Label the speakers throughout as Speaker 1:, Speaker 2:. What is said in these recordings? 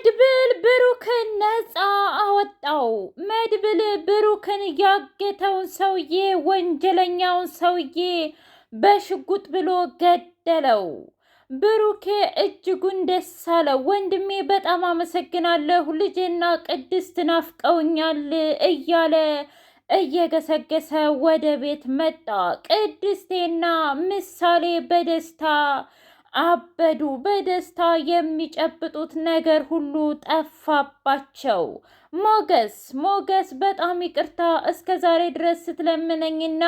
Speaker 1: መድብል ብሩክን ነፃ አወጣው። መድብል ብሩክን ያገተውን ሰውዬ ወንጀለኛውን ሰውዬ በሽጉጥ ብሎ ገደለው። ብሩኬ እጅጉን ደስ አለው። ወንድሜ በጣም አመሰግናለሁ፣ ልጄና ቅድስት ናፍቀውኛል እያለ እየገሰገሰ ወደ ቤት መጣ። ቅድስቴና ምሳሌ በደስታ አበዱ። በደስታ የሚጨብጡት ነገር ሁሉ ጠፋባቸው። ሞገስ ሞገስ በጣም ይቅርታ እስከ ዛሬ ድረስ ስትለምነኝና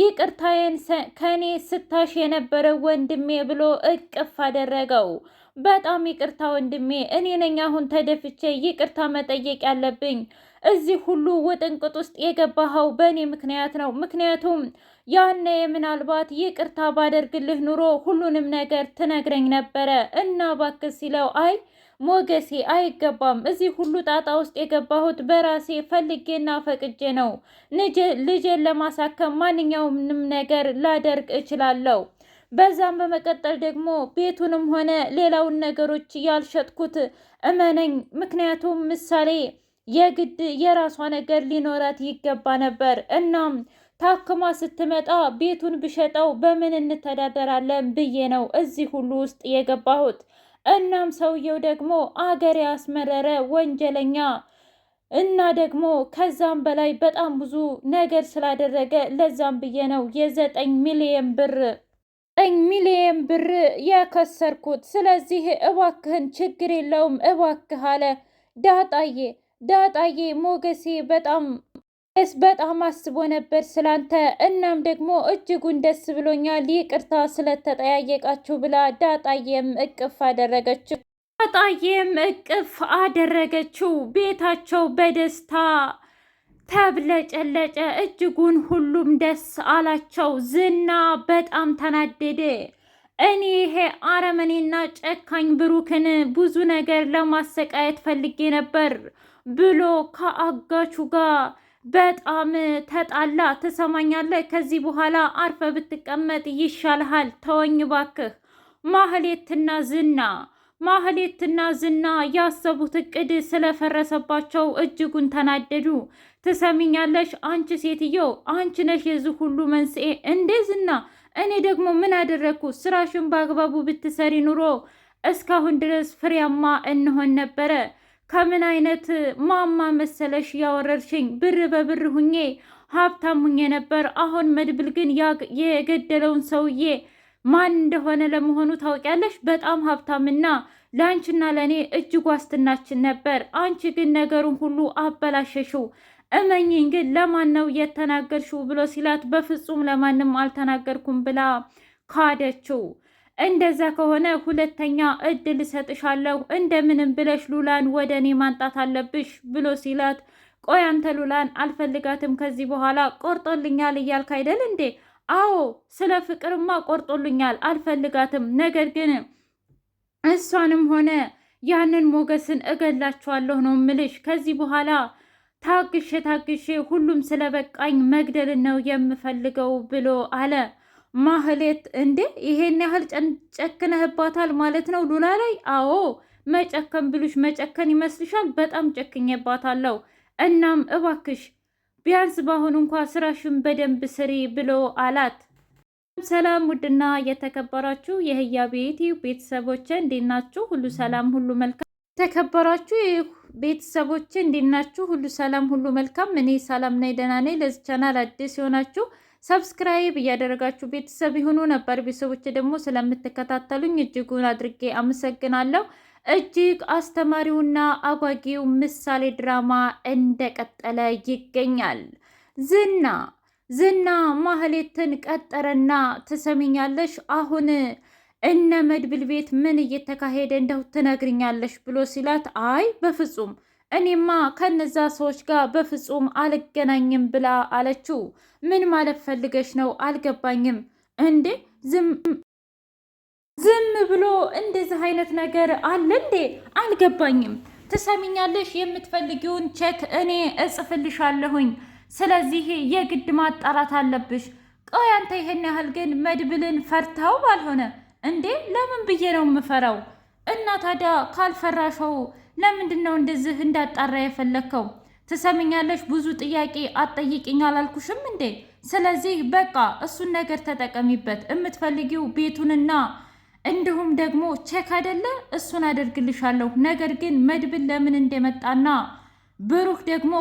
Speaker 1: ይቅርታዬን ከኔ ስታሽ የነበረ ወንድሜ ብሎ እቅፍ አደረገው። በጣም ይቅርታ ወንድሜ፣ እኔ ነኝ አሁን ተደፍቼ ይቅርታ መጠየቅ ያለብኝ እዚህ ሁሉ ውጥንቅጥ ውስጥ የገባኸው በእኔ ምክንያት ነው። ምክንያቱም ያነ ምናልባት ይቅርታ ባደርግልህ ኑሮ ሁሉንም ነገር ትነግረኝ ነበረ እና እባክህ ሲለው አይ ሞገሴ አይገባም። እዚህ ሁሉ ጣጣ ውስጥ የገባሁት በራሴ ፈልጌና ፈቅጄ ነው። ልጄን ለማሳከም ማንኛውንም ነገር ላደርግ እችላለሁ። በዛም በመቀጠል ደግሞ ቤቱንም ሆነ ሌላውን ነገሮች ያልሸጥኩት እመነኝ፣ ምክንያቱም ምሳሌ የግድ የራሷ ነገር ሊኖራት ይገባ ነበር። እናም ታክማ ስትመጣ ቤቱን ብሸጠው በምን እንተዳደራለን ብዬ ነው እዚህ ሁሉ ውስጥ የገባሁት። እናም ሰውየው ደግሞ አገር ያስመረረ ወንጀለኛ እና ደግሞ ከዛም በላይ በጣም ብዙ ነገር ስላደረገ ለዛም ብዬ ነው የዘጠኝ ሚሊየን ብር ዘጠኝ ሚሊየን ብር የከሰርኩት። ስለዚህ እባክህን ችግር የለውም እባክህ አለ ዳጣዬ ዳጣዬ ሞገሴ በጣም ስ በጣም አስቦ ነበር ስላንተ። እናም ደግሞ እጅጉን ደስ ብሎኛል ይቅርታ ስለተጠያየቃችሁ ብላ ዳጣዬም እቅፍ አደረገችው። ዳጣዬም እቅፍ አደረገችው። ቤታቸው በደስታ ተብለጨለጨ። እጅጉን ሁሉም ደስ አላቸው። ዝና በጣም ተናደደ። እኔ ይሄ አረመኔና ጨካኝ ብሩክን ብዙ ነገር ለማሰቃየት ፈልጌ ነበር ብሎ ከአጋቹ ጋር በጣም ተጣላ። ትሰማኛለህ? ከዚህ በኋላ አርፈ ብትቀመጥ ይሻልሃል። ተወኝ ባክህ። ማህሌትና ዝና ማህሌትና ዝና ያሰቡት እቅድ ስለፈረሰባቸው እጅጉን ተናደዱ። ትሰሚኛለሽ? አንቺ ሴትየው አንቺ ነሽ የዚህ ሁሉ መንስኤ። እንዴ ዝና፣ እኔ ደግሞ ምን አደረግኩ? ስራሽን በአግባቡ ብትሰሪ ኑሮ እስካሁን ድረስ ፍሬያማ እንሆን ነበረ። ከምን አይነት ማማ መሰለሽ ያወረርሽኝ? ብር በብር ሁኜ ሀብታም ሁኜ ነበር። አሁን መድብል ግን የገደለውን ሰውዬ ማን እንደሆነ ለመሆኑ ታውቂያለሽ? በጣም ሀብታምና ለአንቺና ለእኔ እጅግ ዋስትናችን ነበር። አንቺ ግን ነገሩን ሁሉ አበላሸሽው። እመኝኝ ግን ለማን ነው የተናገርሽው? ብሎ ሲላት በፍጹም ለማንም አልተናገርኩም ብላ ካደችው። እንደዛ ከሆነ ሁለተኛ እድል እሰጥሻለሁ፣ እንደምንም ብለሽ ሉላን ወደ እኔ ማንጣት አለብሽ ብሎ ሲላት፣ ቆይ አንተ ሉላን አልፈልጋትም ከዚህ በኋላ ቆርጦልኛል እያልክ አይደል እንዴ? አዎ ስለ ፍቅርማ ቆርጦልኛል፣ አልፈልጋትም። ነገር ግን እሷንም ሆነ ያንን ሞገስን እገላችኋለሁ ነው ምልሽ ከዚህ በኋላ ታግሼ ታግሼ ሁሉም ስለበቃኝ መግደልን ነው የምፈልገው ብሎ አለ። ማህሌት እንዴ ይሄን ያህል ጨክነህባታል ማለት ነው ሉላ ላይ? አዎ መጨከን ብሉሽ መጨከን ይመስልሻል? በጣም ጨክኜባታለሁ። እናም እባክሽ ቢያንስ በአሁኑ እንኳ ስራሽን በደንብ ስሪ ብሎ አላት። ሰላም ውድና የተከበራችሁ የህያ ቤቲ ቤተሰቦች እንዴት ናችሁ? ሁሉ ሰላም፣ ሁሉ መልካም። የተከበራችሁ ቤተሰቦች እንዴት ናችሁ? ሁሉ ሰላም፣ ሁሉ መልካም። እኔ ሰላም ነኝ፣ ደህና ነኝ። ለዚህ ቻናል አዲስ የሆናችሁ ሰብስክራይብ እያደረጋችሁ ቤተሰብ የሆኑ ነበር ቤተሰቦች ደግሞ ስለምትከታተሉኝ እጅጉን አድርጌ አመሰግናለሁ። እጅግ አስተማሪውና አጓጊው ምሳሌ ድራማ እንደቀጠለ ይገኛል። ዝና ዝና ማህሌትን ቀጠረና ትሰሚኛለሽ አሁን እነ መድብል ቤት ምን እየተካሄደ እንደው ትነግርኛለሽ ብሎ ሲላት፣ አይ በፍጹም እኔማ ከነዛ ሰዎች ጋር በፍጹም አልገናኝም ብላ አለችው። ምን ማለት ፈልገሽ ነው? አልገባኝም። እንዴ ዝም ዝም ብሎ እንደዚህ አይነት ነገር አለ እንዴ? አልገባኝም። ትሰሚኛለሽ? የምትፈልጊውን ቼክ እኔ እጽፍልሻለሁኝ። ስለዚህ የግድ ማጣራት አለብሽ። ቆይ አንተ ይሄን ያህል ግን መድብልን ፈርታው ባልሆነ እንዴ? ለምን ብዬ ነው የምፈራው? እና ታዲያ ካልፈራሸው ለምንድን ነው እንደዚህ እንዳጣራ የፈለግከው? ትሰምኛለሽ? ብዙ ጥያቄ አትጠይቅኝ አላልኩሽም እንዴ? ስለዚህ በቃ እሱን ነገር ተጠቀሚበት። የምትፈልጊው ቤቱንና እንዲሁም ደግሞ ቼክ አይደለ? እሱን አደርግልሻለሁ። ነገር ግን መድብን ለምን እንደመጣና ብሩህ ደግሞ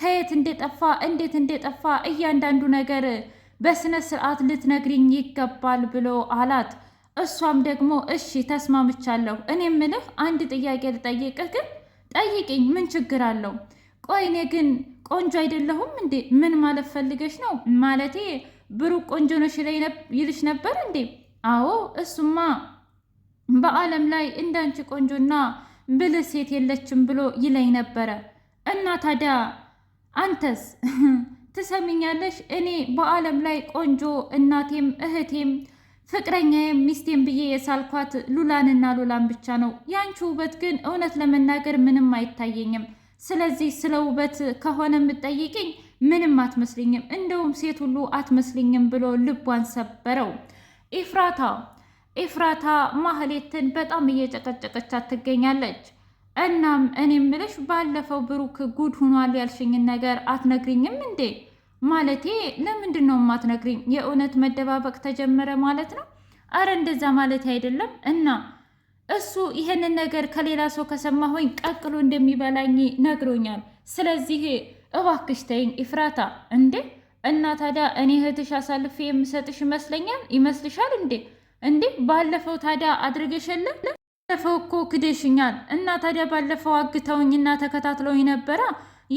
Speaker 1: ከየት እንደጠፋ እንዴት እንደጠፋ እያንዳንዱ ነገር በስነ ስርዓት ልትነግሪኝ ይገባል ብሎ አላት። እሷም ደግሞ እሺ ተስማምቻለሁ። እኔ ምልህ አንድ ጥያቄ ልጠይቅህ፣ ግን ጠይቅኝ፣ ምን ችግር አለው? ቆይ እኔ ግን ቆንጆ አይደለሁም እንዴ? ምን ማለት ፈልገሽ ነው? ማለቴ ብሩክ ቆንጆ ነሽ ይልሽ ነበር እንዴ? አዎ፣ እሱማ በዓለም ላይ እንዳንቺ ቆንጆና ብልህ ሴት የለችም ብሎ ይለኝ ነበረ። እና ታዲያ አንተስ ትሰሚኛለሽ? እኔ በዓለም ላይ ቆንጆ እናቴም እህቴም ፍቅረኛዬ ሚስቴን ብዬ የሳልኳት ሉላንና ሉላን ብቻ ነው። ያንቺ ውበት ግን እውነት ለመናገር ምንም አይታየኝም። ስለዚህ ስለ ውበት ከሆነ የምጠይቅኝ ምንም አትመስልኝም፣ እንደውም ሴት ሁሉ አትመስልኝም ብሎ ልቧን ሰበረው። ኤፍራታ ኢፍራታ ማህሌትን በጣም እየጨቀጨቀቻት ትገኛለች። እናም እኔ ምልሽ ባለፈው ብሩክ ጉድ ሁኗል ያልሽኝን ነገር አትነግሪኝም እንዴ? ማለቴ ለምንድን ነው የማትነግሪኝ? የእውነት መደባበቅ ተጀመረ ማለት ነው? አረ እንደዛ ማለት አይደለም። እና እሱ ይህንን ነገር ከሌላ ሰው ከሰማሁኝ ቀቅሎ እንደሚበላኝ ነግሮኛል። ስለዚህ እባክሽ ተይኝ ኢፍራታ። እንዴ እና ታዲያ እኔ እህትሽ አሳልፌ የምሰጥሽ ይመስለኛል ይመስልሻል? እንዴ እንዴ ባለፈው ታዲያ አድርገሽ ባለፈው እኮ ክደሽኛል። እና ታዲያ ባለፈው አግተውኝና ተከታትለውኝ ነበራ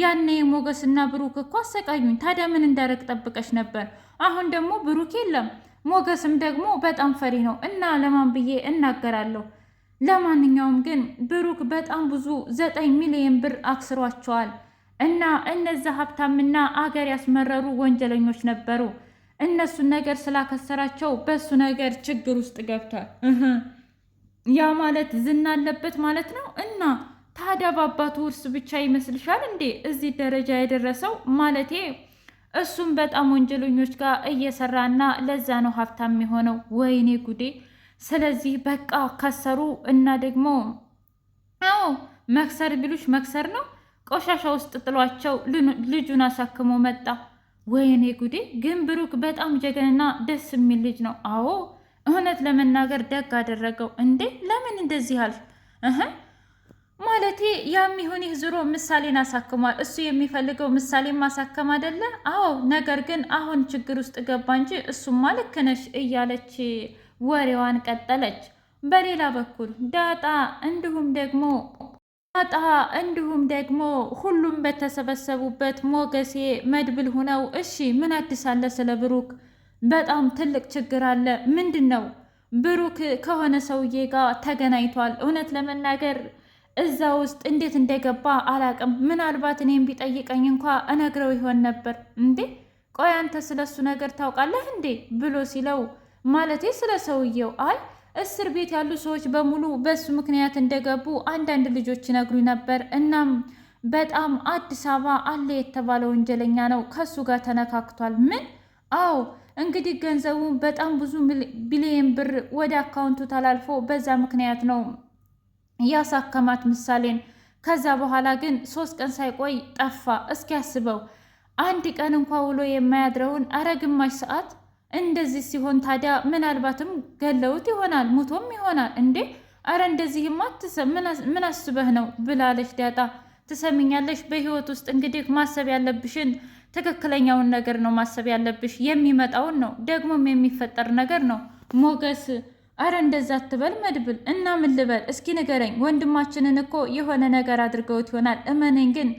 Speaker 1: ያኔ ሞገስና ብሩክ እኮ አሰቃዩኝ። ታዲያ ምን እንዳረግ ጠብቀሽ ነበር? አሁን ደግሞ ብሩክ የለም፣ ሞገስም ደግሞ በጣም ፈሪ ነው እና ለማን ብዬ እናገራለሁ? ለማንኛውም ግን ብሩክ በጣም ብዙ ዘጠኝ ሚሊዮን ብር አክስሯቸዋል እና እነዛ ሀብታምና አገር ያስመረሩ ወንጀለኞች ነበሩ። እነሱን ነገር ስላከሰራቸው በሱ ነገር ችግር ውስጥ ገብቷል። ያ ማለት ዝና አለበት ማለት ነው እና ታዲያ በአባቱ ውርስ ብቻ ይመስልሻል እንዴ እዚህ ደረጃ የደረሰው? ማለቴ እሱም በጣም ወንጀለኞች ጋር እየሰራ እና ለዛ ነው ሀብታም የሆነው። ወይኔ ጉዴ! ስለዚህ በቃ ከሰሩ እና ደግሞ አዎ መክሰር ቢሉሽ መክሰር ነው። ቆሻሻ ውስጥ ጥሏቸው ልጁን አሳክሞ መጣ። ወይኔ ጉዴ! ግን ብሩክ በጣም ጀገንና ደስ የሚል ልጅ ነው። አዎ እውነት ለመናገር ደግ አደረገው። እንዴ ለምን እንደዚህ አልሽ? ማለቴ ያም ይሁን ይህ ዙሮ ምሳሌን አሳክሟል። እሱ የሚፈልገው ምሳሌን ማሳከም አይደለ? አዎ፣ ነገር ግን አሁን ችግር ውስጥ ገባ እንጂ እሱማ ልክ ነሽ እያለች ወሬዋን ቀጠለች። በሌላ በኩል ዳጣ እንዲሁም ደግሞ ዳጣ እንዲሁም ደግሞ ሁሉም በተሰበሰቡበት ሞገሴ መድብል ሆነው እሺ፣ ምን አዲስ አለ ስለ ብሩክ? በጣም ትልቅ ችግር አለ። ምንድን ነው? ብሩክ ከሆነ ሰውዬ ጋር ተገናኝቷል። እውነት ለመናገር እዛ ውስጥ እንዴት እንደገባ አላቅም። ምናልባት እኔም ቢጠይቀኝ እንኳ እነግረው ይሆን ነበር። እንዴ ቆይ አንተ ስለሱ ነገር ታውቃለህ እንዴ ብሎ ሲለው ማለቴ ስለ ሰውየው አይ እስር ቤት ያሉ ሰዎች በሙሉ በሱ ምክንያት እንደገቡ አንዳንድ ልጆች ይነግሩ ነበር። እናም በጣም አዲስ አበባ አለ የተባለ ወንጀለኛ ነው፣ ከሱ ጋር ተነካክቷል። ምን? አዎ እንግዲህ ገንዘቡ በጣም ብዙ ቢሊየን ብር ወደ አካውንቱ ተላልፎ በዛ ምክንያት ነው ያሳከማት ምሳሌን። ከዛ በኋላ ግን ሶስት ቀን ሳይቆይ ጠፋ። እስኪ ያስበው አንድ ቀን እንኳ ውሎ የማያድረውን አረ ግማሽ ሰዓት። እንደዚህ ሲሆን ታዲያ ምናልባትም ገለውት ይሆናል ሙቶም ይሆናል እንዴ! አረ እንደዚህማ ምን አስበህ ነው ብላለች ዳጣ። ትሰሚኛለሽ፣ በህይወት ውስጥ እንግዲህ ማሰብ ያለብሽን ትክክለኛውን ነገር ነው ማሰብ ያለብሽ። የሚመጣውን ነው ደግሞም የሚፈጠር ነገር ነው ሞገስ አረ እንደዛ አትበል መድብል። እና ምን ልበል እስኪ ንገረኝ። ወንድማችንን እኮ የሆነ ነገር አድርገውት ይሆናል። እመነኝ ግን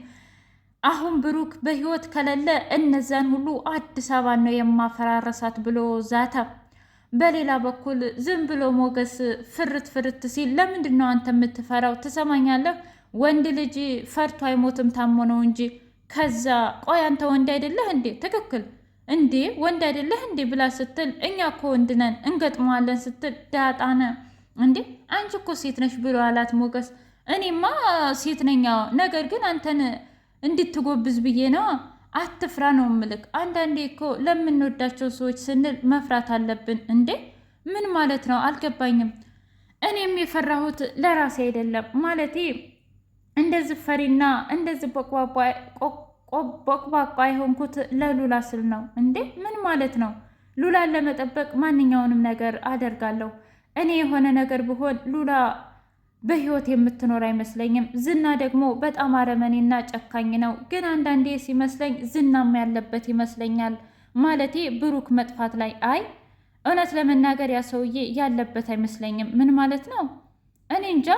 Speaker 1: አሁን ብሩክ በህይወት ከሌለ እነዛን ሁሉ አዲስ አበባ ነው የማፈራረሳት ብሎ ዛታ። በሌላ በኩል ዝም ብሎ ሞገስ ፍርት ፍርት ሲል ለምንድን ነው አንተ የምትፈራው? ትሰማኛለህ? ወንድ ልጅ ፈርቶ አይሞትም ታሞ ነው እንጂ። ከዛ ቆይ አንተ ወንድ አይደለህ እንዴ? ትክክል እንዴ ወንድ አይደለህ እንዴ ብላ ስትል እኛ እኮ ወንድ ነን እንገጥመዋለን ስትል ዳጣነ እንዴ አንቺ እኮ ሴት ነሽ ብሎ አላት ሞገስ። እኔማ ሴት ነኝ ነገር ግን አንተን እንድትጎብዝ ብዬ ነው አትፍራ ነው ምልክ። አንዳንዴ እኮ ለምንወዳቸው ሰዎች ስንል መፍራት አለብን። እንዴ ምን ማለት ነው አልገባኝም። እኔም የፈራሁት ለራሴ አይደለም ማለቴ እንደዚህ ፈሪና እንደዚህ በቋቋ ቦቅቧቃ የሆንኩት ለሉላ ስል ነው እንዴ? ምን ማለት ነው? ሉላን ለመጠበቅ ማንኛውንም ነገር አደርጋለሁ። እኔ የሆነ ነገር ብሆን ሉላ በህይወት የምትኖር አይመስለኝም። ዝና ደግሞ በጣም አረመኔና ጨካኝ ነው። ግን አንዳንዴ ሲመስለኝ ዝናም ያለበት ይመስለኛል። ማለቴ ብሩክ መጥፋት ላይ። አይ እውነት ለመናገር ያ ሰውዬ ያለበት አይመስለኝም። ምን ማለት ነው? እኔ እንጃ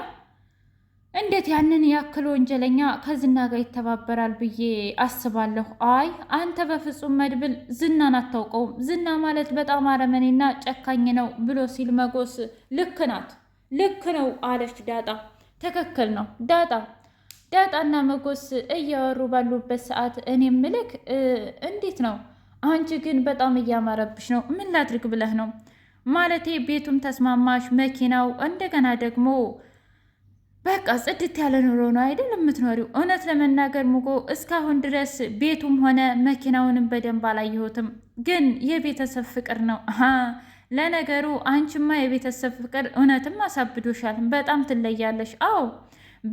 Speaker 1: እንዴት ያንን ያክል ወንጀለኛ ከዝና ጋር ይተባበራል ብዬ አስባለሁ። አይ አንተ በፍጹም መድብል ዝናን አታውቀውም። ዝና ማለት በጣም አረመኔና ጨካኝ ነው ብሎ ሲል መጎስ ልክ ናት፣ ልክ ነው አለች ዳጣ። ትክክል ነው ዳጣ። ዳጣና መጎስ እያወሩ ባሉበት ሰዓት እኔም ልክ እንዴት ነው አንቺ ግን በጣም እያማረብሽ ነው፣ ምን ላድርግ ብለህ ነው ማለቴ ቤቱም ተስማማሽ፣ መኪናው እንደገና ደግሞ በቃ ጽድት ያለ ኑሮ ነው አይደል የምትኖሪው? እውነት ለመናገር ሙጎ እስካሁን ድረስ ቤቱም ሆነ መኪናውንም በደንብ አላየሁትም፣ ግን የቤተሰብ ፍቅር ነው። ለነገሩ አንቺማ የቤተሰብ ፍቅር እውነትም አሳብዶሻል። በጣም ትለያለሽ። አዎ፣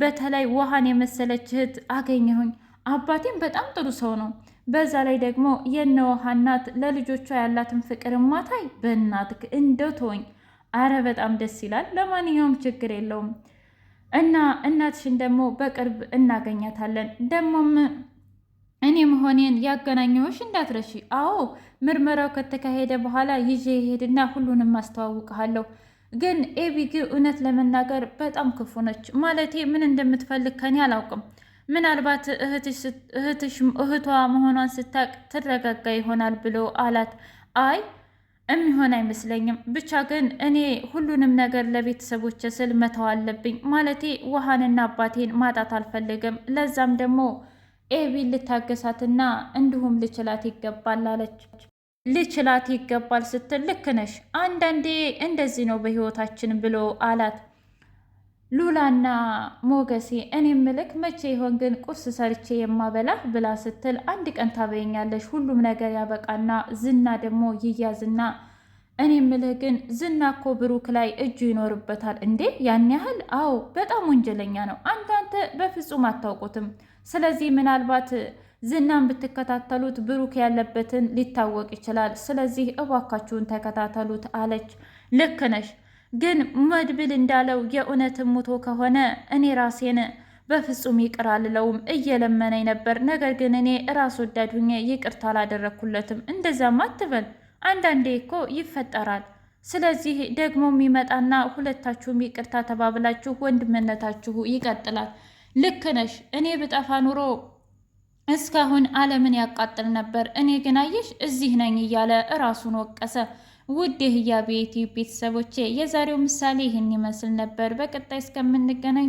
Speaker 1: በተለይ ውሃን የመሰለች እህት አገኘሁኝ። አባቴም በጣም ጥሩ ሰው ነው። በዛ ላይ ደግሞ የነ ውሃ እናት ለልጆቿ ያላትን ፍቅር ማታይ፣ በእናትክ እንደው ተወኝ። አረ በጣም ደስ ይላል። ለማንኛውም ችግር የለውም እና እናትሽን ደግሞ በቅርብ እናገኛታለን። ደግሞም እኔ መሆኔን ያገናኘሁሽ እንዳትረሺ። አዎ ምርመራው ከተካሄደ በኋላ ይዤ ይሄድና ሁሉንም አስተዋውቀሃለሁ። ግን ኤቢግ እውነት ለመናገር በጣም ክፉ ነች። ማለቴ ምን እንደምትፈልግ ከኔ አላውቅም። ምናልባት እህትሽ እህቷ መሆኗን ስታቅ ትረጋጋ ይሆናል ብሎ አላት። አይ የሚሆን አይመስለኝም። ብቻ ግን እኔ ሁሉንም ነገር ለቤተሰቦች ስል መተው አለብኝ። ማለቴ ውሃንና አባቴን ማጣት አልፈልግም። ለዛም ደግሞ ኤቢን ልታገሳትና እንዲሁም ልችላት ይገባል አለች። ልችላት ይገባል ስትል ልክ ነሽ፣ አንዳንዴ እንደዚህ ነው በህይወታችን ብሎ አላት። ሉላና ሞገሴ እኔ ምልክ መቼ ይሆን ግን ቁርስ ሰርቼ የማበላ ብላ ስትል አንድ ቀን ታበይኛለሽ፣ ሁሉም ነገር ያበቃና ዝና ደግሞ ይያዝና እኔ ምልህ ግን ዝና እኮ ብሩክ ላይ እጁ ይኖርበታል እንዴ? ያን ያህል? አዎ፣ በጣም ወንጀለኛ ነው። አንዳንተ በፍጹም አታውቁትም። ስለዚህ ምናልባት ዝናን ብትከታተሉት ብሩክ ያለበትን ሊታወቅ ይችላል። ስለዚህ እባካችሁን ተከታተሉት አለች። ልክ ነሽ ግን መድብል እንዳለው የእውነት ሙቶ ከሆነ እኔ ራሴን በፍጹም ይቅር አልለውም። እየለመነኝ ነበር፣ ነገር ግን እኔ ራስ ወዳድ ሁኜ ይቅርታ አላደረግኩለትም። እንደዛም አትበል፣ አንዳንዴ እኮ ይፈጠራል። ስለዚህ ደግሞ የሚመጣና ሁለታችሁም ይቅርታ ተባብላችሁ ወንድምነታችሁ ይቀጥላል። ልክ ነሽ። እኔ ብጠፋ ኑሮ እስካሁን ዓለምን ያቃጥል ነበር። እኔ ግን አየሽ እዚህ ነኝ እያለ ራሱን ወቀሰ። ውድ የህያቤ ዩቲዩብ ቤተሰቦቼ የዛሬው ምሳሌ ይህን ይመስል ነበር። በቀጣይ እስከምንገናኝ